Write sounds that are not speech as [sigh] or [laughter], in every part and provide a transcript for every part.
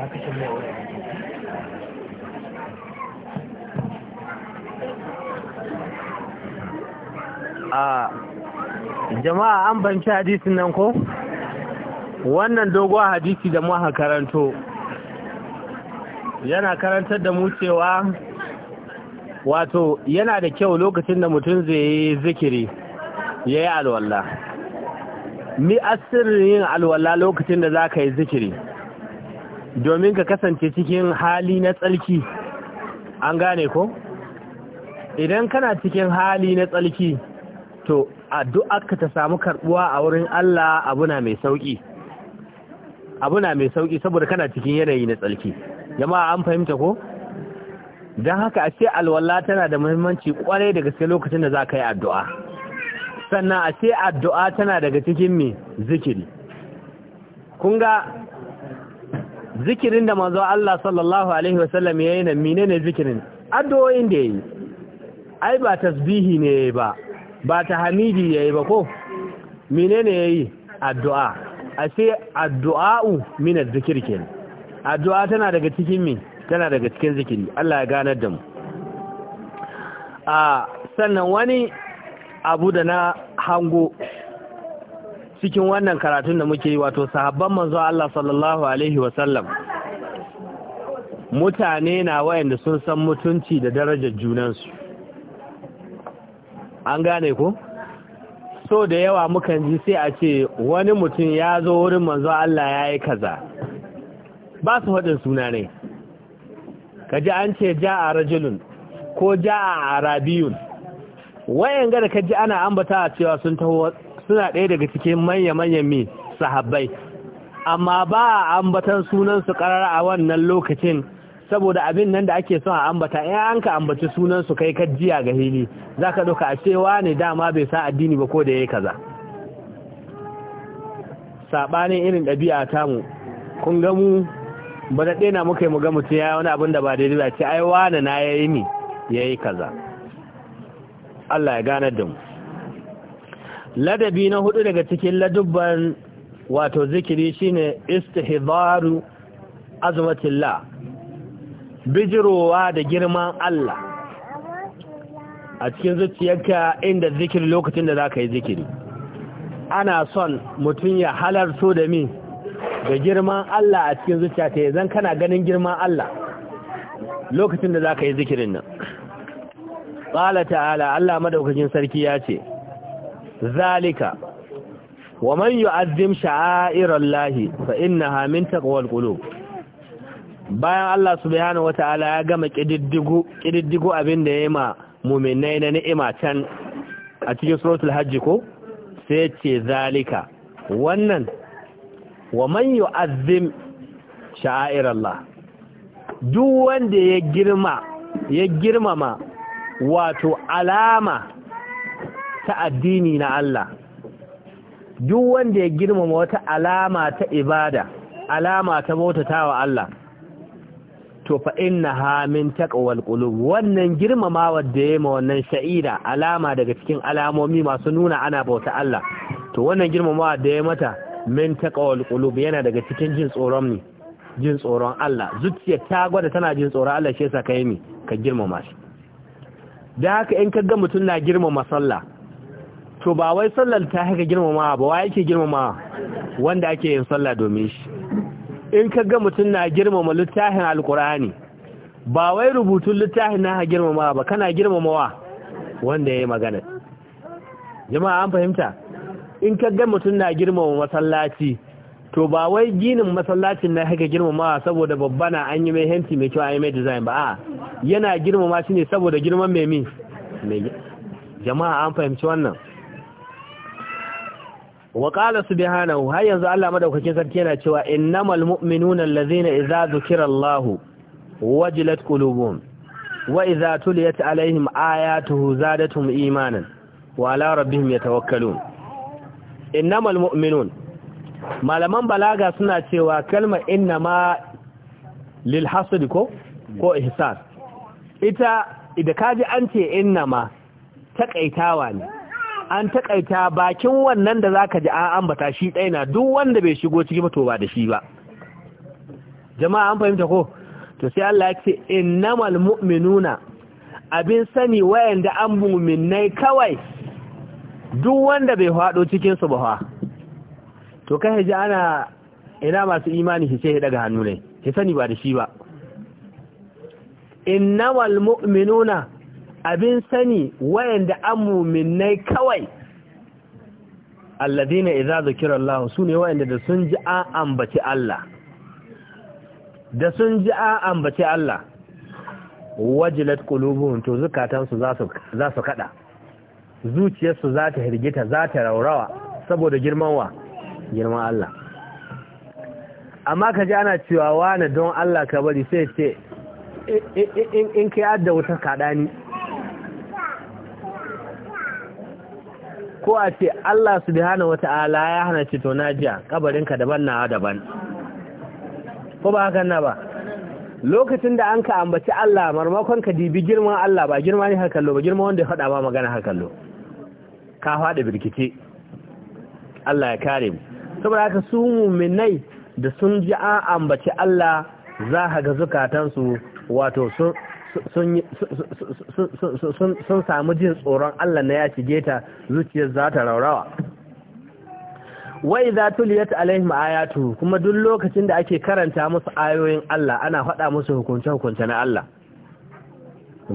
a jama'a an banci hadisin nan ko wannan dogon hadisi da muka karanto yana karantar da mu cewa wato yana da kyau lokacin da mutum zai yi zikiri ya yi alwallah mi asirin yin alwallah lokacin da za ka yi zikiri domin ka kasance cikin hali na tsarki an gane ko idan kana cikin hali na tsarki to ka ta samu karbuwa a wurin Allah abuna mai sauki abuna mai sauki saboda kana cikin yanayi na tsarki jama'a an fahimta ko dan haka a alwala tana da muhimmanci kwarai da gaske lokacin da za ka yi addu'a sannan a addu'a tana daga cikin mai zikiri kun ga zikirin da manzo Allah sallallahu alaihi wasallam yayin nan menene zikirin addu'o'in da yayi ai ba tasbihi ne yi ba ba tahmidi yayi ba ko menene yayi addu'a ashe addu'a'u min az addu'a tana daga cikin min tana daga cikin zikiri Allah ya ganar da mu a ah, sannan wani abu da na hango cikin wannan karatun da muke yi wato sahabban manzo Allah sallallahu alaihi wa sallam. mutane na wayanda sun san mutunci da darajar junansu an gane ko so da yawa mukan ji sai a ce wani mutum ya zo wurin manzo Allah ya yi kaza ba su hadin suna ne kaji ji an ce ja rajulun ko ja a arabiyun Wayanga da kaji ana ambata cewa sun taho suna ɗaya daga cikin manya-manyan mi sahabbai amma ba a ambatan sunansu ƙarar a wannan lokacin saboda abin nan da ake son a ambata in an ka ambaci sunansu kai kajiya ga hili za ka ɗauka a cewa ne dama bai sa addini ba ko da ya yi kaza saɓanin irin ɗabi'a mu kun gamu mu ba da ɗena muka yi mu ga mutum ya wani abin da ba daidai ba ce ai wane na ya yi ni ya yi kaza Allah ya ganar da mu ladabi na hudu daga cikin ladubban wato zikiri shine istihdaru azmatillah bijirowa da girman Allah a cikin zuciyarka inda zikiri lokacin da zaka yi zikiri ana son mutum ya halarto da min da girman Allah a cikin zuciya ta zan kana ganin girman Allah lokacin da zaka yi zikirin nan qala ta'ala Allah madaukakin sarki ya ce zalika wa man yu'azzim sha'airallahi fa innaha min taqwal bayan Allah subhanahu wataala ya gama kididdigo kididdigo abin da yayi ma mu'minai na ni'ima can a cikin suratul hajj ko sai ce zalika wannan wa man yu'azzim sha'airallah duk wanda ya girma ya girmama wato alama ta addini na Allah duk wanda ya girmama wata alama ta ibada alama ta bautatawa Allah to fa innaha min taqwal qulub wannan girmamawa da ya ma wannan sha'ira alama daga cikin alamomi masu nuna ana bauta Allah to wannan girmamawa da ya mata min taqwal qulub yana daga cikin jin tsoron ne jin tsoron Allah Zuciyar ta gwada tana jin tsoron Allah shi yasa kai mi ka girmama shi da haka in ka ga mutum na girmama sallah to ba wai sallar ta haka girmama ba wa yake girmama wanda ake yin sallah domin shi in ka ga mutum na girmama littafin alkur'ani ba wai rubutun littafin na girmama ba kana girmamawa wanda ya yi magana jama'a an fahimta in ka ga mutum na girmama masallaci to ba wai ginin masallacin na haka girmamawa saboda babba na an yi mai henti mai kyau an yi mai design ba a yana girmama shi ne saboda girman mai mi jama'a an fahimci wannan wa qala har yanzu Allah madaukakin sarki yana cewa innamal mu'minuna allazina idza dhukira Allah wajilat qulubuhum wa idza tuliyat alaihim ayatuhu zadatuhum imanan wa ala rabbihim yatawakkalun innamal mu'minun malaman balaga suna cewa kalmar innama lil hasd ko ko ihsas kaji an ce innama taƙaitawa ne an takaita bakin wannan da zaka ji an ambata shi ɗaya na duk wanda bai shigo ciki ba to ba da shi ba jama'a an fahimta ko to sai Allah ya ce innamal mu'minuna abin sani wayanda an mu'minnai kawai duk wanda bai hado cikin su ba fa to kai haji ana ina masu imani sai ya daga hannu ne ki sani ba da shi ba innamal mu'minuna abin sani wayanda an muminai kawai alladina idza zukira Allah sune wayanda da sun ji an ambaci Allah da sun ji an ambaci Allah wajilat qulubuhum to su za su za su kada zuciyarsu za ta hirgita za ta raurawa saboda girman wa girman Allah amma ka ji ana cewa wani don Allah ka bari sai ce in kai adda wuta kaɗani ko a ce Allah subhanahu wata'ala ya hana ce to najiya kabarinka daban na daban ko ba hakan na ba lokacin da an ka ambaci Allah marmakon ka dibi girman Allah ba girma ne har kallo ba girma wanda ya faɗa ba magana har kallo ka faɗa birkice Allah ya kare mu saboda haka su muminai da sun ji an ambaci Allah za ka ga zukatansu wato sun sun samu jin tsoron Allah na ya shige ta zuciyar za ta raurawa wai za tuliyat alaihim ayatu kuma duk lokacin da ake karanta musu ayoyin Allah ana faɗa musu hukunce-hukunce na Allah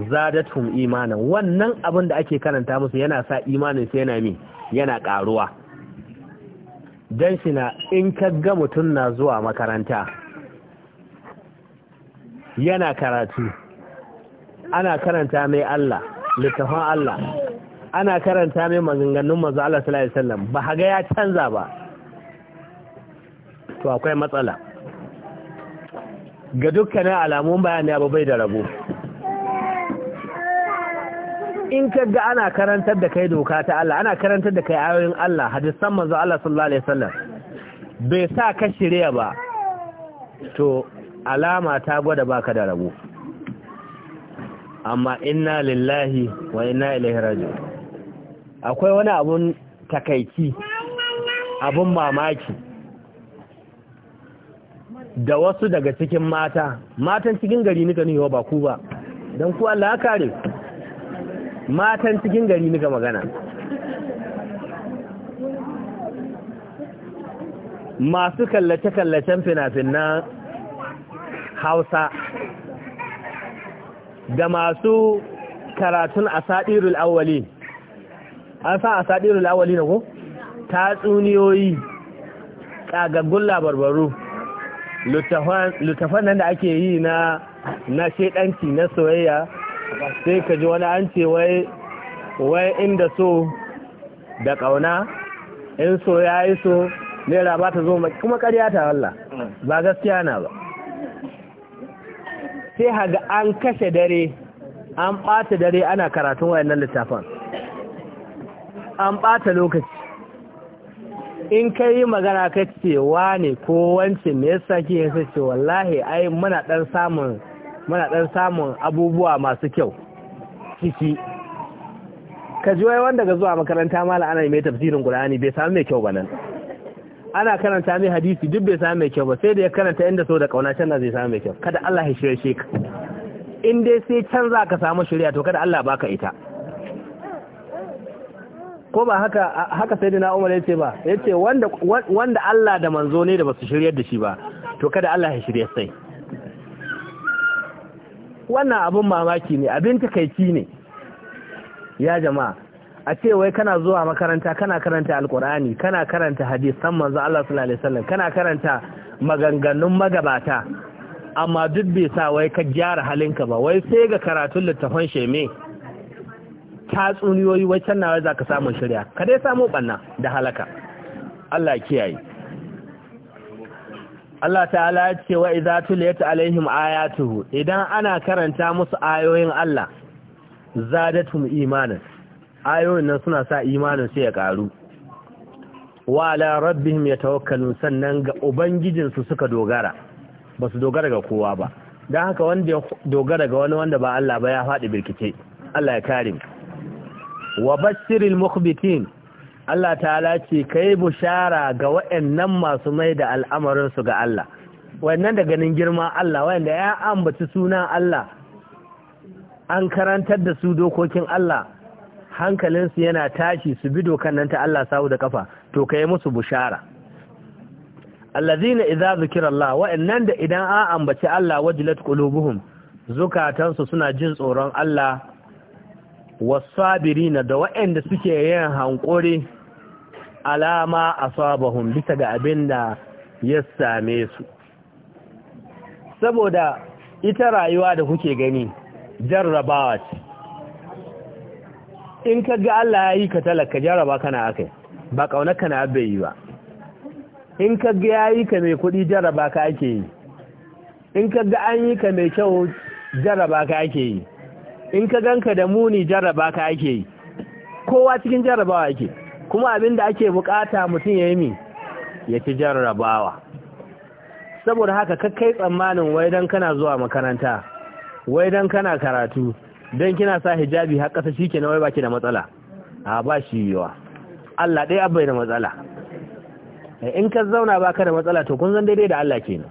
zadatum imanan wannan abin da ake karanta musu yana sa imanin sai yana mi yana ƙaruwa dan shi na in kagga mutum na zuwa makaranta yana karatu ana karanta mai Allah littafin Allah ana karanta mai maganganun manzo Allah sallallahu alaihi wasallam ba haga ya canza ba to akwai matsala ga dukkanin alamun bayani abu bai da rabo in kaga ana karantar da kai doka ta Allah ana karantar da kai ayoyin Allah hadisan manzo Allah sallallahu alaihi wasallam bai sa ka shirya ba to alama ta gwada baka da rabo amma inna lillahi wa inna ilaihi raji'un akwai wani abun takaici abun mamaki da wasu daga cikin mata matan cikin gari nika niyo ba ku ba don ku Allah ya kare matan cikin gari nika magana masu kallace-kallacen fina-finan hausa Da masu karatun sadirul awali an sa sadirul awali na ko tatsuniyoyi ƙagaggun labarbaru littafan nan da ake yi na na shaidanci na soyayya sai ka ji wani an ce wai wai inda so da kauna in so ya yi so naira ba ta zo kuma karya ta wallah ba gaskiya na ba sai haga an kashe dare an ɓata dare ana karatun wayannan littafan an ɓata lokaci in ka yi magana ka ce ne ko wance me yasa ki yasa ce wallahi ai muna ɗan samun abubuwa masu kyau ciki ka ji wai wanda ga zuwa makaranta ma ana mai tafsirin Qur'ani bai samu mai kyau ba nan ana karanta mai hadisi duk bai sami mai kyau ba sai da ya karanta inda so da kauna can na zai sami mai kyau kada Allah ya shirye ka in dai sai can za ka samu shirya to kada Allah baka ita ko ba haka haka sai dina Umar yace ba yace wanda wanda Allah da manzo ne da basu shiryar da shi ba to kada Allah ya shirye sai wannan abun mamaki ne abin takaici ne ya jama'a a ce wai kana zuwa makaranta kana karanta alkur'ani kana karanta hadis san manzo Allah sallallahu alaihi wasallam kana karanta maganganun magabata amma duk bai sa wai ka gyara halinka ba wai sai ga karatun littafan sheme tatsuniyoyi wai can nawa zaka samu shirya ka dai samu banna da halaka Allah kiyaye Allah ta'ala ya ce wa idza tuliyat alaihim ayatuhu idan ana karanta musu ayoyin Allah zadatum imanan ayoyin nan suna sa imanin sai ya karu wa ala rabbihim yatawakkalun sannan ga ubangijinsu suka dogara ba su dogara ga kowa ba dan haka wanda ya dogara ga wani wanda ba Allah ba ya faɗi birkice Allah ya kare mu wa bashiril mukhbitin Allah ta'ala ce kai bushara ga waɗannan masu mai da al'amarin su ga Allah waɗannan da ganin girma Allah waɗanda ya ambaci sunan Allah an karantar da su dokokin Allah hankalinsu yana tashi su bi dokan nan ta Allah sahu da kafa to kai musu bushara allazina idza zikrallah wa'annan da idan an ambaci Allah wajilat qulubuhum zukatansu suna jin tsoron Allah wasabirina da wa'anda suke yin hankuri alama asabahum bisa ga abinda ya same su saboda ita rayuwa da kuke gani jarrabawa ce in ka ga Allah ya yi ka talaka jaraba kana akai ba kaunar ka bai yi ba in ka ga ya yi ka mai kuɗi jaraba ka ake yi in ka ga an yi ka mai kyau jaraba ka ake yi in ka ganka da muni jaraba ka ake yi kowa cikin jarabawa ake kuma abin da ake bukata mutum ya yi mi ya ci jarabawa saboda haka kakkai tsammanin wai dan kana zuwa makaranta wai dan kana karatu don kina sa hijabi har kasa shi na wai ki da matsala a ba shi yiwa Allah ɗaya abai da matsala eh, in ka zauna ba ka da matsala to kun zan daidai da Allah ke.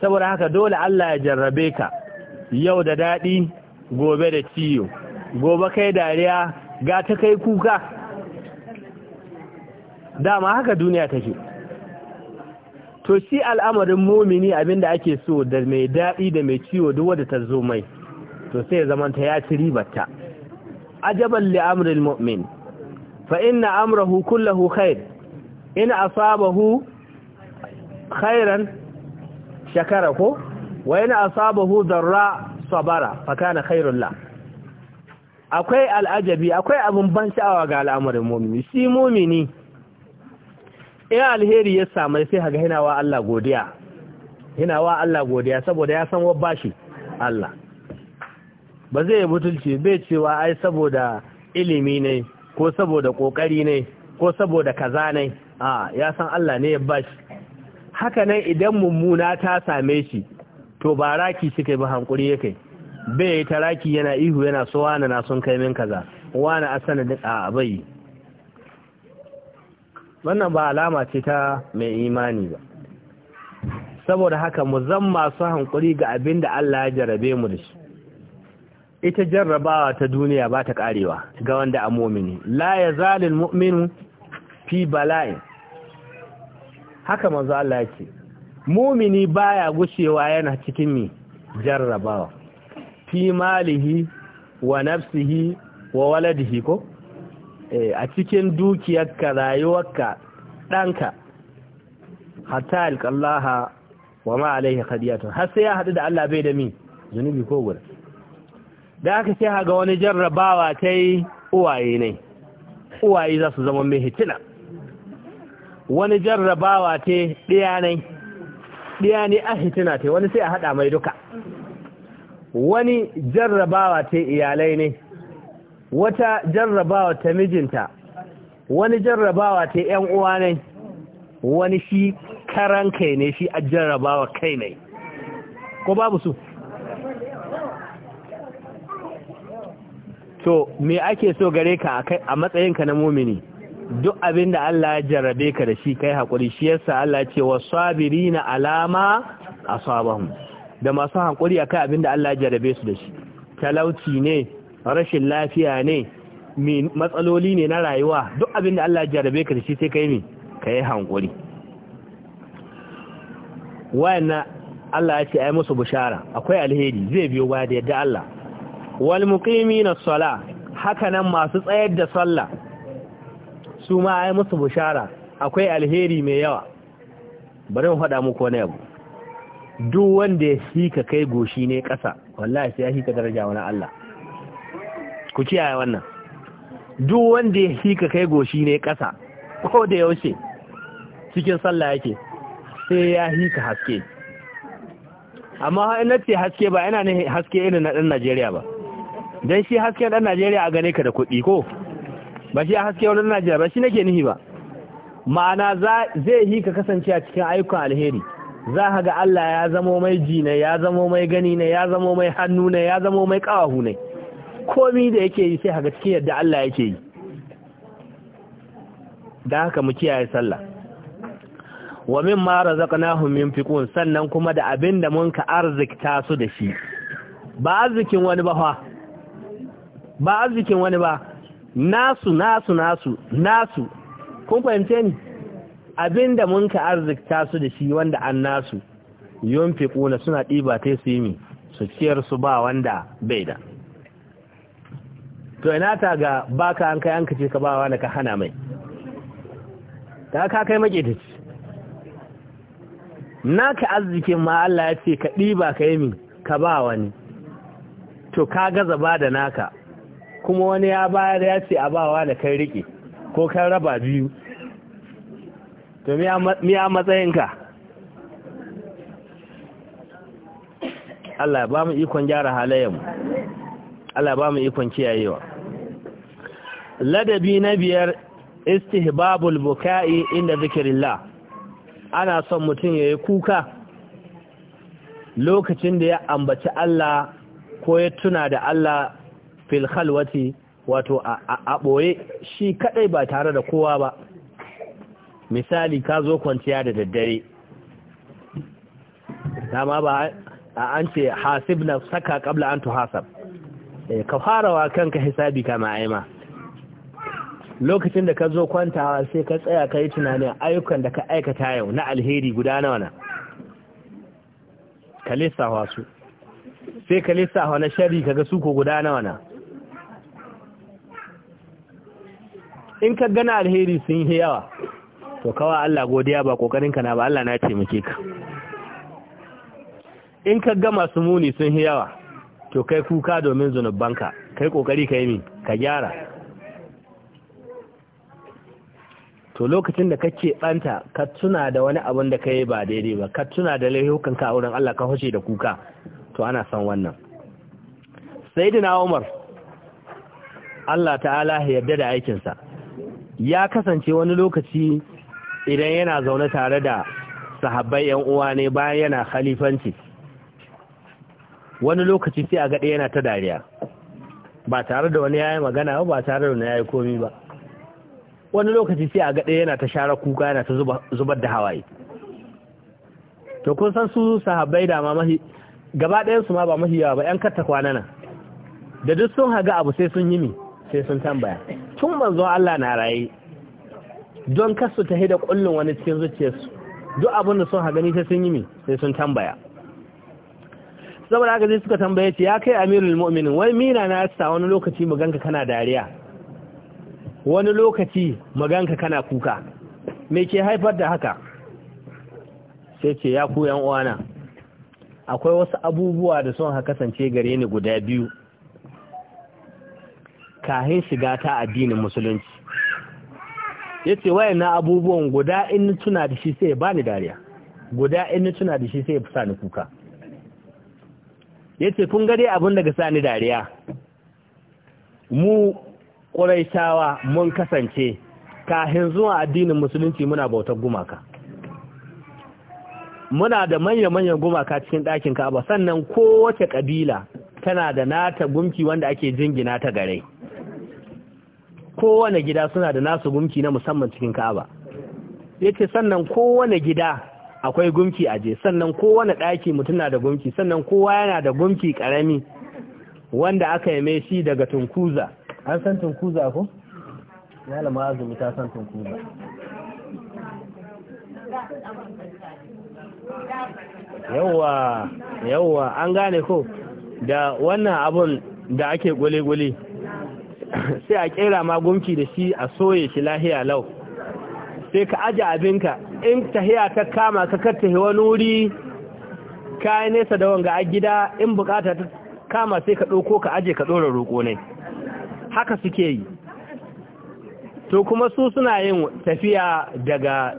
saboda haka dole Allah ya jarrabe ka yau da daɗi gobe da ciyo gobe kai dariya ga ta kai kuka dama haka duniya take to shi al'amarin momini abinda ake so da mai daɗi da mai ciwo duk wadda ta zo mai to sai ya zamanta ya ci ribarta ajaban li amril mu'min fa inna amrahu kullahu khair in asabahu khairan shakara ko wa in asabahu darra sabara fa kana khairul la akwai al'ajabi akwai abin ban sha'awa ga al'amarin mu'mini shi mu'mini in alheri ya samu sai haga hinawa Allah godiya hinawa Allah godiya saboda ya san wa bashi Allah ba zai yi mutunci bai cewa ai saboda ilimi ne ko saboda kokari ne ko saboda kaza ne a ya san Allah ne ya bashi haka nan idan mummuna ta same shi to ba raki shi kai ba hankuri yake bai yi ta raki yana ihu yana so wani na sun kai min kaza wani a sanadin a bai wannan ba alama ce ta mai imani ba saboda haka mu zan masu hankuri ga abin da Allah ya jarabe mu da shi ita jarrabawa ta duniya ba ta karewa ga wanda a momini la ya zalin mu'minu fi bala'in haka manzo Allah yake mumini baya gushewa yana cikin mi jarrabawa fi malihi wa nafsihi wa waladihi ko eh, a cikin dukiyarka rayuwarka ɗanka hatta alqallaha wa ma alaihi khadiyatun har sai ya haɗu da Allah bai da mi zunubi ko gura da aka ce ga wani jarrabawa ta yi uwaye ne uwaye za su zama mai hitina wani jarrabawa ta ɗiya ne ɗiya ne a hitina ta wani sai a haɗa mai duka wani jarrabawa ta iyalai ne wata jarrabawa ta mijinta wani jarrabawa ta ‘yan uwa ne wani shi karan kai ne shi a jarrabawa kai ne ko babu su to me ake so gare ka a matsayin ka na mumini duk abin da Allah ya jarrabe ka da shi kai hakuri. shi yasa Allah ce wa sabirina alama asabahum da masu hakuri akai abin da Allah ya jarrabe su da shi talauci ne rashin lafiya ne matsaloli ne na rayuwa duk abin da Allah ya jarrabe ka da shi sai kai me kai haƙuri wayanna Allah ya ce ai musu bishara akwai alheri zai biyo baya da yadda Allah wal muqimina sala haka nan masu tsayar da sallah su ma ai musu bushara akwai alheri mai yawa bari mu faɗa muku wani abu duk wanda ya hika kai goshi ne ƙasa wallahi sai ya shika daraja wani Allah ku kiyaye wannan duk wanda ya hika kai goshi ne ƙasa ko da yaushe cikin sallah yake sai ya hika haske amma ina ce haske ba yana ne haske irin na ɗan Najeriya ba don shi hasken ɗan najeriya a gane ka da kuɗi ko ba shi haske wani najeriya ba shi nake nihi ba ma'ana zai yi ka kasance a cikin ayyukan alheri za ka ga allah ya zamo mai ji ne ya zamo mai gani ne ya zamo mai hannu ne ya zamo mai ƙawahu ne komi da yake yi sai ga cikin yadda allah yake yi da haka mu kiyaye sallah wa min ma razaqnahum fiqun sannan kuma da abin da mun ka arzikta su da shi ba arzikin wani ba fa ba arzikin wani ba nasu nasu nasu nasu kun fahimce ni abinda mun ka arzikta su da shi wanda an nasu yun fi kuna suna ɗiba ta su yi su ciyar su ba wanda bai da to ina ta ga baka an kai an kace ka ba wani ka hana mai ta ka kai Na ka arzikin ma Allah ya ce ka ɗiba ka yi min ka ba wani to ka gaza ba da naka kuma wani ya bayar ya ce a bawa da kai rike ko kan raba biyu to miya matsayinka Allah ba mu ikon gyara halayenmu Allah ba mu ikon kiyayewa ladabi na biyar istihbabul buka'i inda zikirillah ana son mutum ya yi kuka lokacin da ya ambaci Allah ko ya tuna da Allah fil khalwati wato a boye shi kadai ba tare da kowa ba misali ka zo kwanciya da daddare dama ba a an ce hasib na saka kabla an tuhasab eh, ka fara farawa kanka hisabi ka aima lokacin da ka zo kwantawa sai ka tsaya ka yi tunanin ayyukan da ka aikata yau na alheri guda nawa na ka lissawa su sai ka lissawa na shari ga su ko guda nawa na in ka gana alheri sun yi yawa to kawa Allah godiya ba kokarinka na ba Allah na taimake ka in ka ga masu muni sun yi yawa to kai kuka domin zunubanka kai kokari ka yi min ka gyara to lokacin da kake banta ka tuna da wani abin da kai ba daidai ba ka tuna da laifukan ka wurin Allah ka hushe da kuka to ana son wannan sayyidina Umar Allah ta'ala ya yarda da aikin sa ya kasance wani lokaci idan yana zaune tare da sahabbai yan uwa ne bayan yana khalifanci wani lokaci sai a gaɗe yana ta dariya ba tare da wani yayi magana ba ba tare da wani yayi komi ba wani lokaci sai a gaɗe yana ta share kuka yana ta zubar da hawaye to kun san su sahabbai da ma mahi gaba ɗayan su ma ba mahi yawa ba yan katta kwana nan da duk sun haga abu sai sun yi mi sai sun tambaya tun manzo Allah na raye don kasu ta hida kullun wani cikin zuciyarsu duk abin da sun ha gani sai sun yi mi sai sun tambaya saboda haka sai suka tambaye ce ya kai amirul mu'minin wai mina na sa wani lokaci maganka kana dariya wani lokaci maganka kana kuka me ke haifar da haka sai ce ya ku yan uwana akwai wasu abubuwa da sun ha kasance gare ni guda biyu kahin shiga ta addinin musulunci ya ce wayan na abubuwan guda in tuna da shi sai ba ni dariya guda in tuna da shi sai sa ni kuka ya ce kun abin daga sani dariya mu shawa mun kasance kahin zuwa addinin musulunci muna bautar gumaka muna da manya-manyan gumaka cikin ɗakin ka'aba sannan kowace ƙabila tana da nata gumki wanda ake jingina ta garai. kowane gida suna da nasu gumki na musamman cikin ka'aba ce sannan kowane gida akwai gumki aje sannan kowane ɗaki mutum na da gumki sannan kowa yana da gumki ƙarami wanda aka yi mai shi daga tunkuza an san tunkuza ko lama azumi ta san tunkuza yawwa yawwa an gane ko da wannan abun da ake gule-gule [coughs] sai a kera ma gumki da shi a soye shi lahiya lau sai ka aji abinka in tahiya ta kama ka hewa wani wuri yi nesa da wanga a gida in bukata ta kama sai ka ɗauko ka aje ka ɗora roƙo ne haka suke yi to kuma su suna yin tafiya daga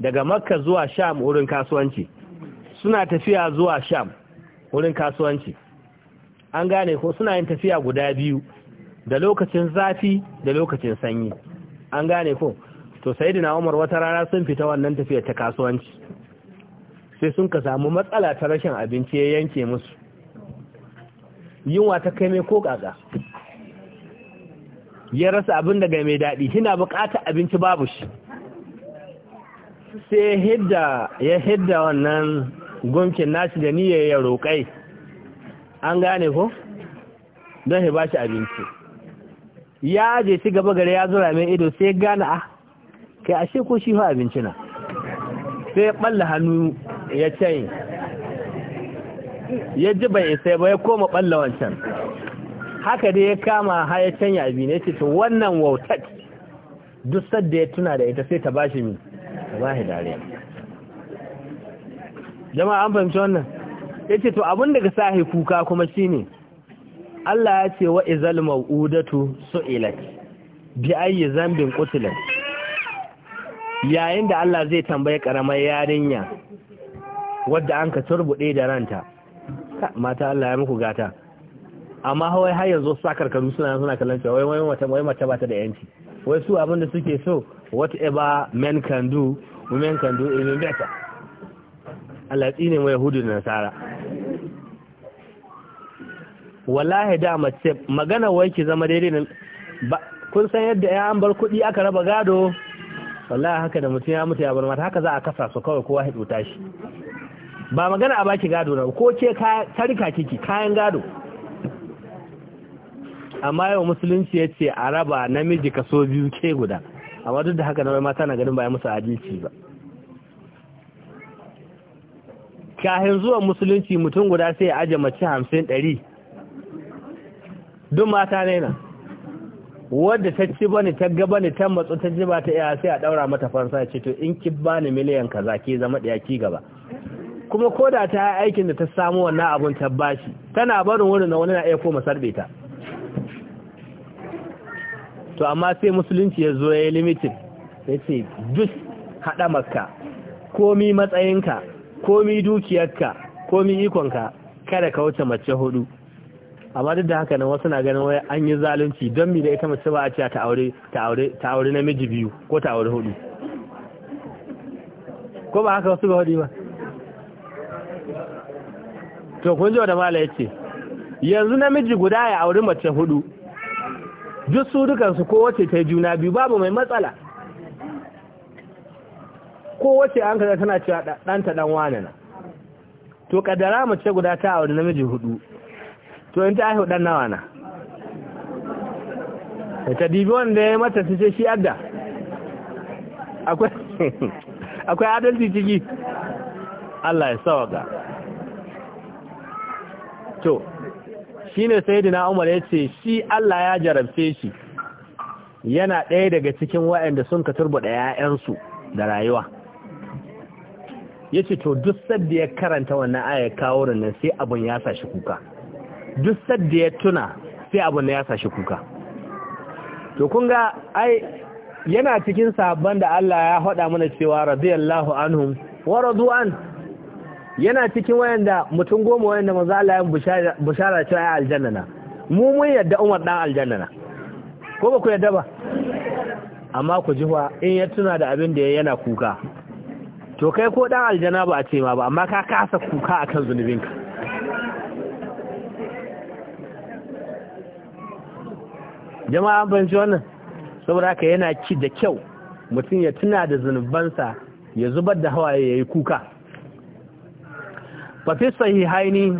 daga makka zuwa sham wurin kasuwanci suna tafiya zuwa sham wurin kasuwanci an gane ko suna yin tafiya guda biyu da lokacin zafi da lokacin sanyi an gane ko to da Umar wata rana sun fita wannan tafiya ta kasuwanci sai sun ka samu matsala ta rashin abinci ya yanke musu yunwa ta kai mai ko kaka ya rasa abin daga mai daɗi hina buƙatar abinci babu shi sai ya hidda wannan gunkin nashi da niyyar ya roƙai an gane ko don ya bashi abinci ya je ci gaba gare ya zura mai ido sai gane a ah, kai ashe ko shi fa abinci na sai ya balla hannu ya canyi ya ji bai isa ba ya koma balla wancan haka dai ya kama ha ya canya abi ne ce to wannan wautar duk sadda ya tuna da ita sai ta bashi mi ta bashi dariya jama'a an fahimci wannan ya ce to abin da ka sa kuka kuma shi ne Allah ya ce wa izal ma'udatu su'ilat bi ayi zambin qutilat yayin da Allah zai tambaye karamar yarinya wadda an ka turbude da ranta mata Allah ya muku gata amma hawai har yanzu sakar karu suna suna kallon cewa wai wai mata wai mata bata da yanci wai su abin da suke so whatever men can do women can do even better Allah tsine mai yahudu da nasara wallahi da mace magana wai ki zama daidai ne kun san yadda ya an bar kuɗi aka raba gado wallahi haka da mutum ya mutu ya bar mata haka za a kasa su kawai kowa ya ɗuta shi ba magana a baki gado na ko ce tarika kiki kayan gado amma yau musulunci ya ce a raba namiji kaso biyu ke guda amma duk da haka na mata na ganin ba ya musu adalci ba kahin zuwa musulunci mutum guda sai ya aje mace hamsin ɗari duk mata ne na wadda ta ci bani ta ga bane ta matsu ta ji ba ta iya sai a daura mata farsa ce to in ki bani miliyan kaza ki zama da ki gaba kuma koda ta yi aikin da ta samu wannan abun ta bashi tana barin wurin na wani na iya koma sarbe ta to amma sai musulunci ya zo ya yi limitin ya ce duk haɗa maka komi matsayinka komi dukiyarka komi ikonka kada ka wuce mace hudu amma duk da haka nan wasu na ganin wai an yi zalunci don mi da ita mace ba a ce ta aure ta aure ta aure namiji biyu ko ta aure hudu ko ba haka wasu ga hudu ba to kun ji wanda mala yace yanzu namiji guda ya aure mace hudu duk su su ko wace ta juna biyu babu mai matsala ko wace an kaga tana cewa ɗanta ɗan wane na to kadara mace guda ta aure namiji hudu to ta haihu dan nawa na ta dibi wanda ya mata su ce shi adda akwai [laughs] adalci ciki Allah ya sawaka to shi ne sai umar ya ce shi Allah ya jarabce shi yana ɗaya daga cikin waɗanda sun ka turbuɗa 'ya'yansu da rayuwa ya ce to duk sadda ya karanta wannan aya kawo nan sai abin ya sashi kuka duk sadda ya tuna sai abu na ya sashi kuka to kun ga ai yana cikin sabon da Allah ya hada mana cewa radiyallahu anhum wa radwan yana cikin wayanda mutum goma wayanda manzo Allah ya bushara cewa ya aljanna na mu mun yadda Umar dan aljanna na ko ba ku yadda ba amma ku jiwa in ya tuna da abin da yana kuka to kai ko dan aljanna ba a ce ma ba amma ka kasa kuka akan zunubinka jama'a an fahimci wannan saboda haka yana ci da kyau mutum ya tuna da zunubansa ya zubar da hawaye ya yi kuka fafi sahihaini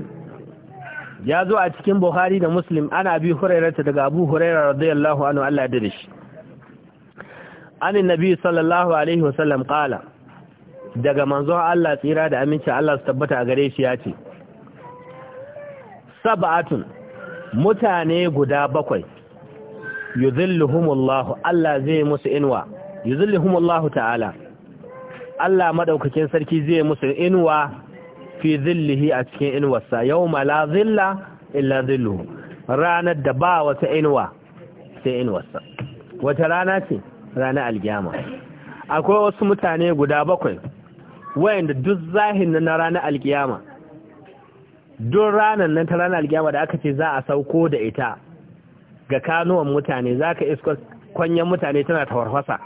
ya zo a cikin buhari da muslim ana bi hurairarta daga abu hurairar radiyallahu anu allah da shi nabi sallallahu alaihi wasallam kala daga manzon allah tsira da aminci allah su tabbata a gare shi ya ce saba'atun mutane guda bakwai yuzilluhumullahu Allah zai musu inwa yuzilluhumullahu ta'ala Allah madaukakin sarki zai musu inwa fi zillihi a cikin inwarsa yawma la zilla illa zilluhu ranar da ba wata inwa sai inwarsa wata rana ce rana alkiyama akwai wasu mutane guda bakwai wayanda duk zahin na ranar alkiyama duk ranar nan ta ranar alkiyama da aka ce za a sauko da ita ga kanuwan mutane za ka iska kwanyen mutane tana tawarfasa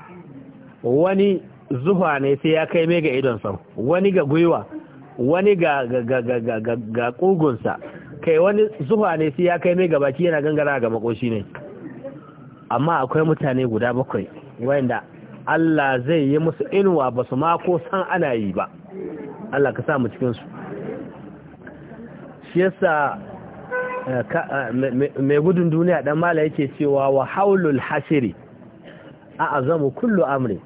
wani zuwa ne sai ya kai mai ga idonsa wani ga gwiwa wani ga ga ƙugunsa kai wani zuwa ne sai ya kai mai baki yana gangara ga makoshi ne amma akwai mutane guda bakwai wanda Allah zai yi musu inuwa ba su mako san ana yi ba Allah ka sa mu cikinsu shi yasa mai gudun duniya dan mala yake cewa wa haulul hasiri a azamu kullu amri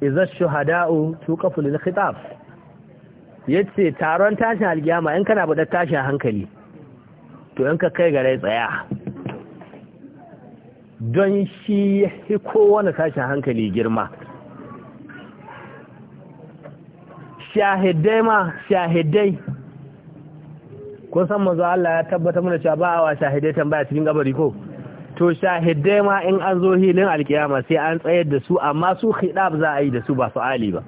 idza shuhada'u tuqafu lil khitab yace taron tashin alkiyama in kana bada tashin hankali to in ka kai gare tsaya don shi yi kowane tashin hankali girma shahidai ma shahidai kun san manzo Allah ya tabbata mana cewa ba a wa shahidai tambaya cikin kabari ko to shahidai ma in an zo hilin alkiyama sai an tsayar da su amma su khidab za a yi da su ba su'ali ba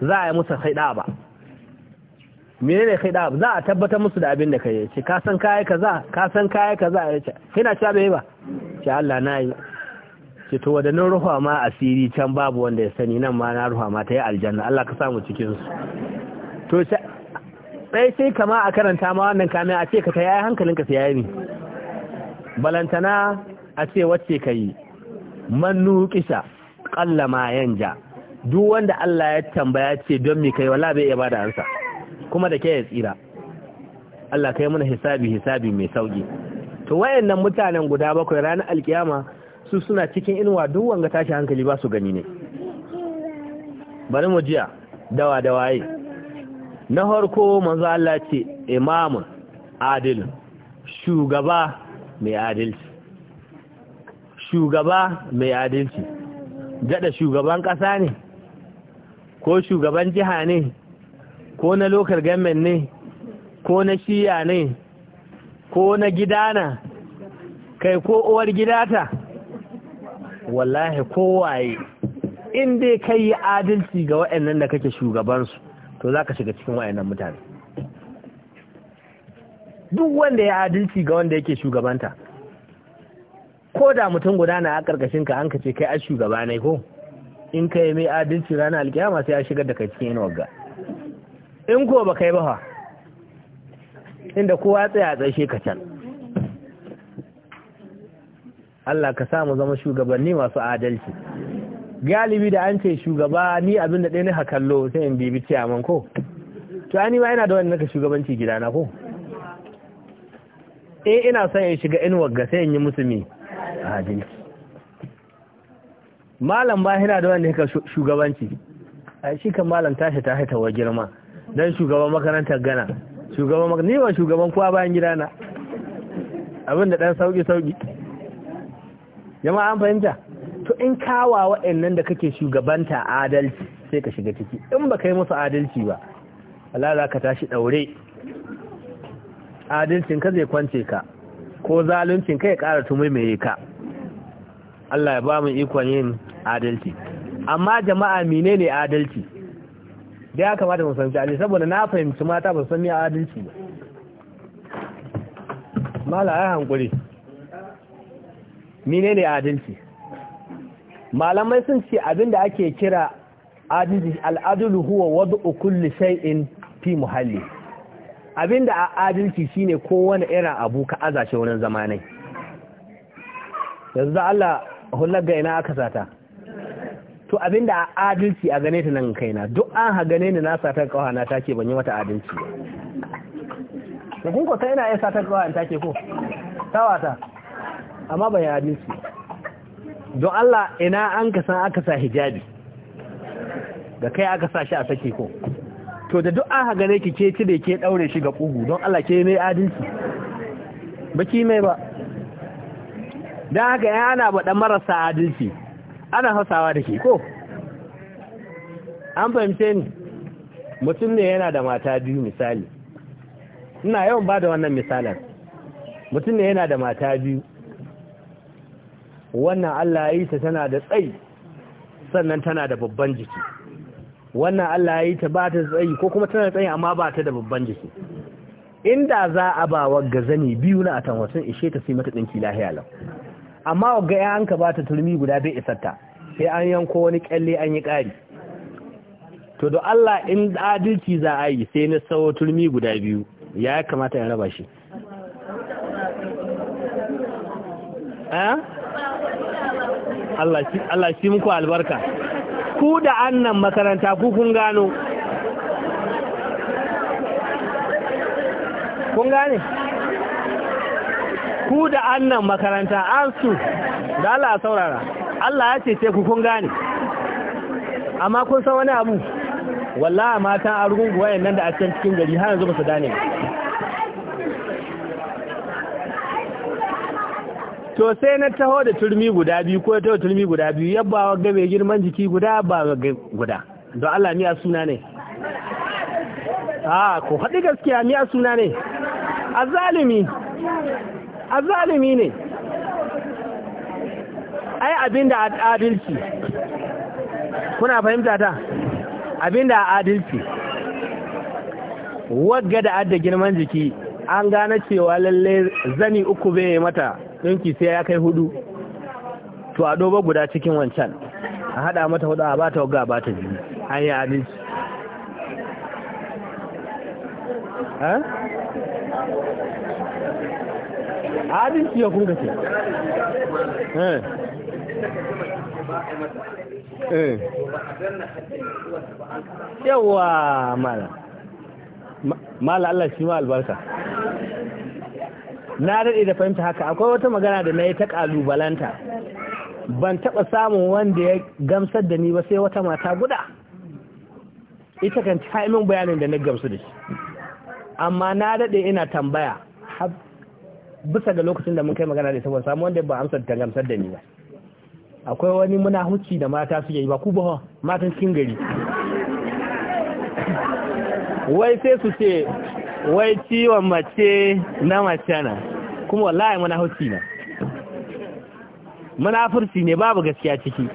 za a yi musu khidaba menene khidab za a tabbata musu da abin da kai ce ka san kai kaza ka san kai kaza ya ce kina cewa bai ba ce Allah na yi ce to wadannan ruha ma asiri can babu wanda ya sani nan ma na ruha ma ta yi aljanna Allah ka samu cikin su to sai sai kama a karanta ma wannan kamin a ce ka ta yayi hankalinka sai yayi balantana a ce wacce ka yi mannu kisa ƙalla ma ja. duk wanda Allah ya tambaya ce don mi kai wala bai iya bada ansa kuma da ke ya tsira Allah kai mana hisabi hisabi mai sauki to wayannan mutanen guda bakwai ranar alkiyama su suna cikin inuwa duk wanga tashi hankali ba su gani ne bari mu jiya dawa da waye na harko, manzo Allah ce imamun adil shugaba mai adalci shugaba mai adalci Gada shugaban kasa ne ko shugaban jiha ne ko na local government ne ko na shiya ne ko na gidana kai ko uwar gidata wallahi kowaye in dai kai adalci ga waɗannan da kake shugabansu to za ka shiga cikin wayannan mutane duk wanda ya adalci ga wanda yake shugabanta ko da mutum guda na a karkashin ka an ka ce kai a shugaba ne ko in ka yi mai adalci ranar alkiyama sai ya shigar da kai cikin yin wagga. in ko ba kai ba inda kowa tsaya tsaye ka can Allah ka samu zama shugabanni masu adalci galibi da an ce shugaba ni abin da ɗaya na hakallo sai in bibi ciyaman ko to yi ma yana da wani naka shugabanci gidana ko eh ina son in shiga in wagga sai in yi musu me adalci malam ba yana da wani naka shugabanci a shi kan malam tashi tashi ta wa girma dan shugaban makarantar gana shugaban ni ba shugaban kowa bayan gidana abin da ɗan sauki sauki jama'a an fahimta to in kawa waɗannan da kake shugabanta adalci sai ka shiga ciki in ba kai musu adalci ba Allah za ka tashi ɗaure adalcin ka zai kwance ka ko zaluncin ka ya ƙara tumurmeye ka Allah ya ba mu ikon yin adalci amma jama'a menene adalci da ya kamata mu san adalci saboda na fahimci mata ba su san adalci ba mala ai hankuri menene adalci malamai sun ce abin da ake kira al'adulu huwa wadda kulli shay'in fi muhalli abinda a adalci shine kowane irin abu ka azashe wurin zamanai yanzu da Allah ga ina aka sata to abinda a adalci a gane ta nan kaina duk an ha gane ni na satar kawai na take ban yi mata adalci da kun ko ta ina ya satar kawai in take ko tawata amma ban yi adalci don Allah ina an ka san aka sa hijabi da kai aka sa shi a sake ko to da duk aka gane ki ke cire ke daure shi ga kugu don Allah ke mai adalci baki mai ba dan haka ya ana ba dan marasa adalci ana hasawa da ke ko an fahimce ni mutum ne yana da mata biyu misali ina yawan ba da wannan misalin. mutum ne yana da mata biyu wannan Allah ya yi ta tana da tsayi sannan tana da babban jiki wannan Allah ya yi ta ba ta tsayi ko kuma tana tsayi amma ba ta da babban jiki inda za a ba wa gazani biyu na atan ishe ta sai mata ɗinki lahiya lau amma ga ya hanka ba ta turmi guda bai isarta sai an yanko wani kyalle an yi ƙari to da Allah in adalci za a yi sai na sawo turmi guda biyu ya kamata in raba shi Allah shi muku albarka ku da annan makaranta ku kun gano kun gane ku da annan makaranta an su da Allah saurara Allah ya ce ce ku kun gane amma kun san wani abu wallahi matan argungu wayannan da a cikin gari har yanzu ba su gane ba to sai na taho da turmi guda biyu ko taho turmi guda biyu yabba wa gabe girman jiki guda ba ga guda don Allah miya suna ne a ko haɗi gaskiya miya suna ne azalimi azalimi ne ai abinda adalci kuna fahimta ta abinda adalci wagga da adda girman jiki an gane cewa lalle zani uku bai mata ɗinki sai ya kai hudu to a dobo guda cikin wancan a haɗa mata hudu a bata wagga a bata biyu an yi adalci adalci ya kunga ce eh. eh. yawa mala mala Allah shi ma albarka na daɗe da fahimta haka akwai wata magana da na yi ta ƙalubalanta ban taɓa samun wanda ya gamsar da ni ba sai wata mata guda ita kan ta min bayanin da na gamsu da shi amma na daɗe ina tambaya bisa ga lokacin da mun kai magana da saboda samun wanda ba amsar ta gamsar da ni ba akwai wani muna huci da mata suke yi ba ku ba matan cikin gari wai sai su ce wai ciwon mace na mace na kuma wallahi muna munafurci na furci ne babu gaskiya ciki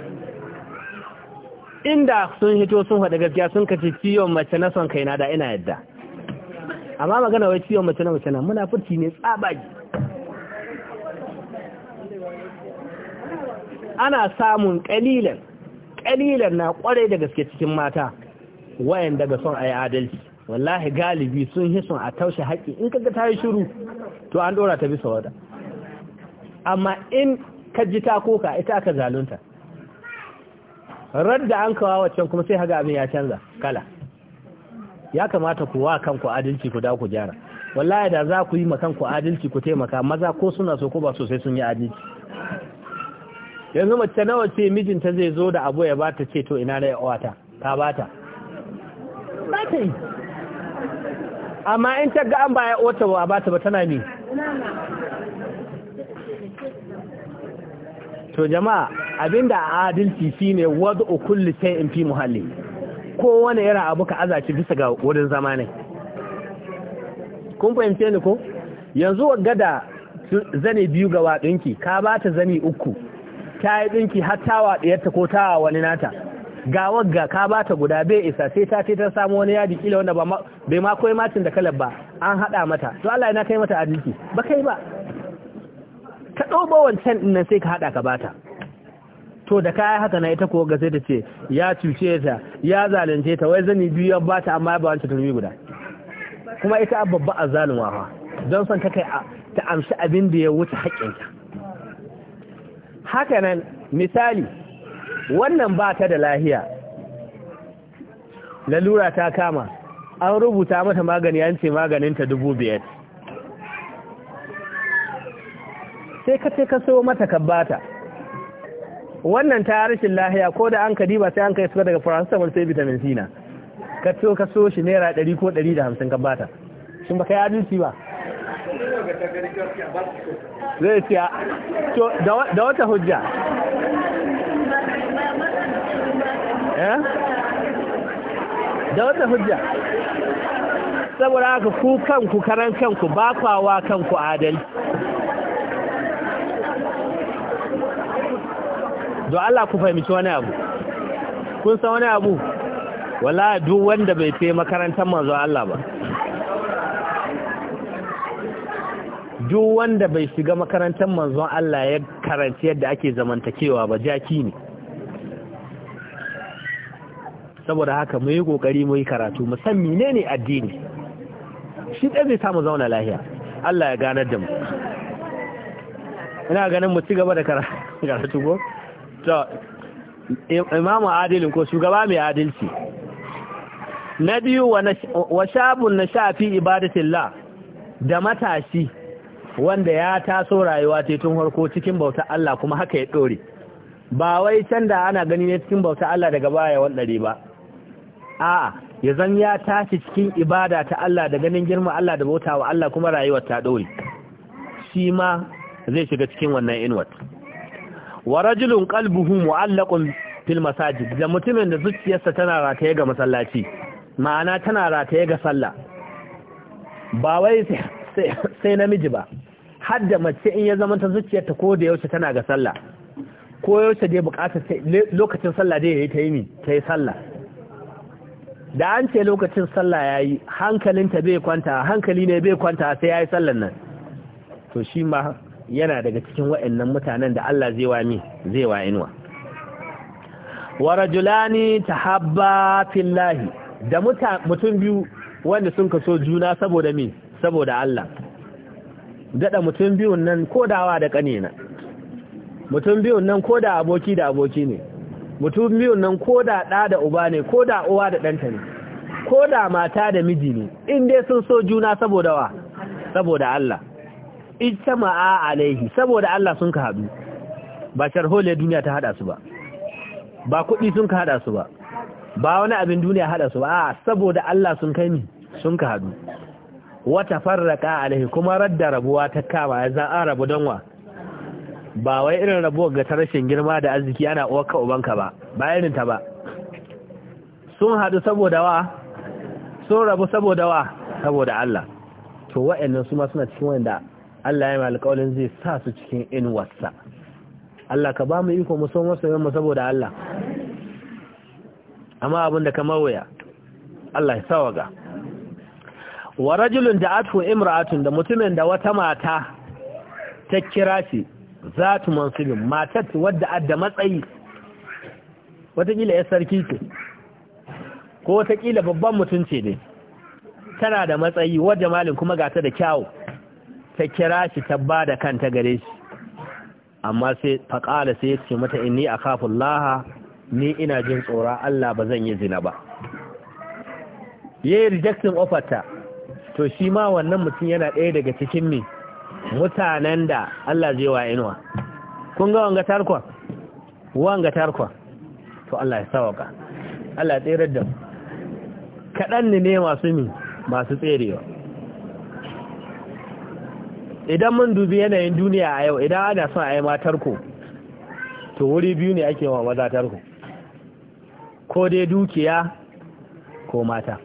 inda sun hito sun faɗa gaskiya sun kace ciwon mace na son kaina da ina yadda amma magana wai ciwon mace na mace na furci ne tsabaji ana samun kalilan kalilan na kware da gaske cikin mata wayan daga son ayi adalci wallahi galibi sun hisun a taushe haƙƙi in kaga ta yi shiru to an dora ta bisa wada amma in ka ji ta koka ita aka zalunta radda an kawo waccan kuma sai haga abin ya canza kala ya kamata ku wa kanku adalci ku da ku gyara wallahi da za ku yi ma kanku adalci ku taimaka maza ko suna so ko ba so sun yi adalci yanzu mace nawa ce mijinta zai zo da abu ya bata ce to ina da ya ta bata ba ta yi amma in ta ga an baya wata ba ba ta ba tana ne to jama'a abinda adalci shine wadda kulli shay'in fi muhalli kowane yara abu ka azaci bisa ga wurin zama ne kun fahimce ni ko yanzu gada zane biyu ga waɗinki ka ba ta zane uku ta yi ɗinki har ta waɗiyarta ko ta wani nata ga wagga ka bata guda bai isa sai ta ce ta samu wani yadi kila wanda ba bai ma koyi matin da kalar ba an hada mata to Allah yana kai mata adalci ba kai ba ka ɗobo wancan nan sai ka hada ka bata to da kaya haka na ita ga sai ta ce ya cuce ta ya zalunce ta wai zani biyu ya bata amma ba wancan turmi guda kuma ita babba azzaluma fa don son ta kai ta amshi abin da ya wuce haƙƙinta haka nan misali wannan ba ta da lahiya lalura ta kama an rubuta mata magani an ce maganinta dubu biyar sai ka ce ka so mata ka wannan ta rashin lahiya ko da an ka diba sai an kai suka daga paracetamol sai vitamin C na ka so ka so shi naira 100 ko 150 ka shi shin baka yi adalci ba zai siya da wata hujja Eh? da wata hujja saboda haka ku kanku karan kanku ba kwawa kanku adal do Allah ku fahimci wani abu kun san wani abu wala duk wanda bai fi makarantar manzon Allah ba duk wanda bai shiga makarantar manzon Allah ya karanci yadda ake zamantakewa ba jaki ne saboda haka mu yi kokari mu yi karatu mu san menene addini shi ɗan zai samu zauna lahiya Allah ya ganar da mu ina ganin mu ci gaba da [laughs] karatu ko to imamu adilin ko shugaba mai adalci na biyu wa shabun na shafi ibadatillah da matashi wanda ya taso rayuwa ce tun harko cikin bauta Allah kuma haka ya ɗore ba wai can da ana gani ne cikin bauta Allah daga baya wandare ba a'a ya zan ya tashi cikin ibada ta Allah da ganin girma Allah da bauta wa Allah kuma rayuwar ta dore shi ma zai shiga cikin wannan inwat wa rajulun qalbuhu mu'allaqun fil masajid da mutumin da zuciyarsa tana rataye ga masallaci ma'ana tana rataye ga sallah ba wai sai namiji ba har da mace in ya zama ta zuciyarta ko da yaushe tana ga sallah ko yaushe dai bukatar lokacin sallah dai yayi ta yi ta yi sallah da an ce lokacin sallah ya yi hankalinta bai kwanta hankali ne bai kwanta sai ya yi sallan nan to shi ma yana daga cikin wa'annan mutanen da Allah zai wa mi zai wa inuwa wa rajulani tahabba fillahi da mutum biyu wanda sun kaso juna saboda mi saboda Allah dada mutum biyun nan kodawa da kanina mutum biyun nan koda aboki da aboki ne mutum biyun nan ko da ɗa da uba ne ko da uwa da ɗanta ne ko da mata da miji ne in dai sun so juna saboda wa saboda Allah a alaihi saboda Allah sun ka haɗu ba sharhole duniya ta haɗa su ba ba kuɗi sun ka haɗa su ba ba wani abin duniya haɗa su ba a saboda Allah sun kai ni sun ka haɗu wata farraka alaihi kuma radda rabuwa ta kama ya za'a rabu don wa ba wai irin rabuwar ga ta rashin girma da arziki ana uwaka ubanka ba ba ta ba sun hadu saboda wa sun rabu saboda wa saboda Allah to wa'annan su ma suna cikin wanda Allah ya mai alƙawarin zai sa su cikin wasa Allah ka ba mu iko mu son wasu mu saboda Allah amma abinda kamar waya Allah ya sawa ga wa rajulun da atu imra'atun da mutumin da wata mata ta kira shi za tu mansubin matar wadda adda matsayi watakila ya sarki ce ko watakila babban mutum ce ne tana da matsayi wadda malin kuma gata da kyau ta kira shi ta ba da kanta gare shi amma sai faƙala sai ya ce mata inni a kafin laha ni ina jin tsora Allah ba zan yi zina ba ya yi offer ta to shi ma wannan mutum yana ɗaya daga cikin min. mutanen da Allah zai wa inuwa kun ga wanga tarkon wanga tarkon to Allah ya sauka Allah tsere da kadan ne masu mi masu tserewa idan mun dubi yanayin duniya a yau idan ana son a yi ma tarko to wuri biyu ne ake wa maza tarko ko dai dukiya ko mata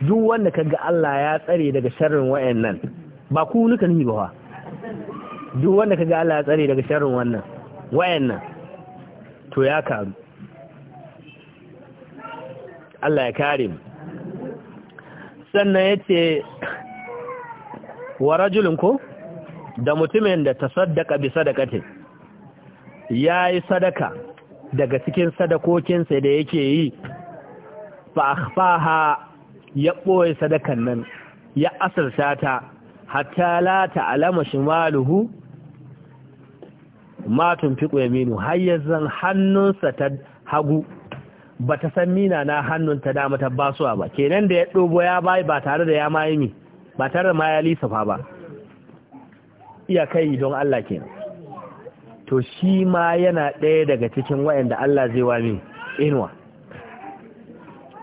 duk wanda kaga Allah ya tsare daga sharrin wayannan ba ku nuka ni ba duk wanda kaga Allah ya tsare daga sharrin wannan wayannan to ya karu Allah ya kare mu sannan yace wa rajulun ko da mutumin da tasaddaka bi sadaqati yayi sadaka daga cikin sadakokinsa da yake yi fa akhfaha ya boye sadakan nan ya asirta ta hatta la ta'lamu shimaluhu ma tunfiqu yaminu hayyazan hannunsa ta hagu bata san mina na hannun ta dama ta basuwa ba kenan da ya dubo ya bai ba tare da ya mi ba tare da ma ya lisafa ba iya kai don Allah kenan to shi ma yana ɗaya daga cikin wayanda Allah zai wa min inuwa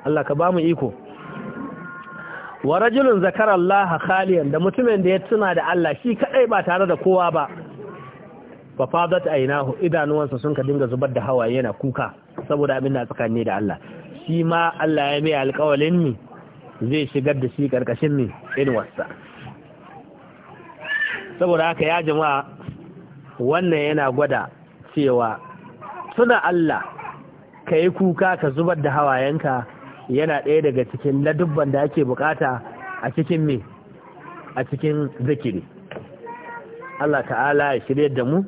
Allah ka ba mu iko wa rajulun zakara laha khaliyan da mutumin da ya tuna da Allah shi kadai ba tare da kowa ba fa fadat aynahu idanuwansa sun ka dinga zubar da hawaye yana kuka saboda abin da tsakani da Allah shi ma Allah ya mai alƙawalin ni zai shigar da shi karkashin ni in wasa saboda haka ya jama'a wannan yana gwada cewa tuna Allah ka yi kuka ka zubar da hawayenka yana ɗaya daga cikin ladubban da ake bukata a cikin me a cikin zikiri Allah ta'ala ya shirye da mu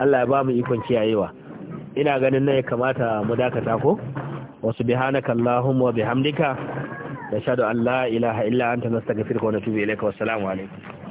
Allah ya ba mu ikon kiyayewa ina ganin nan ya kamata mu dakata ko wasu bihanaka Allahumma wa bihamdika nashhadu an la ilaha illa anta nastaghfiruka wa natubu ilayka wassalamu alaikum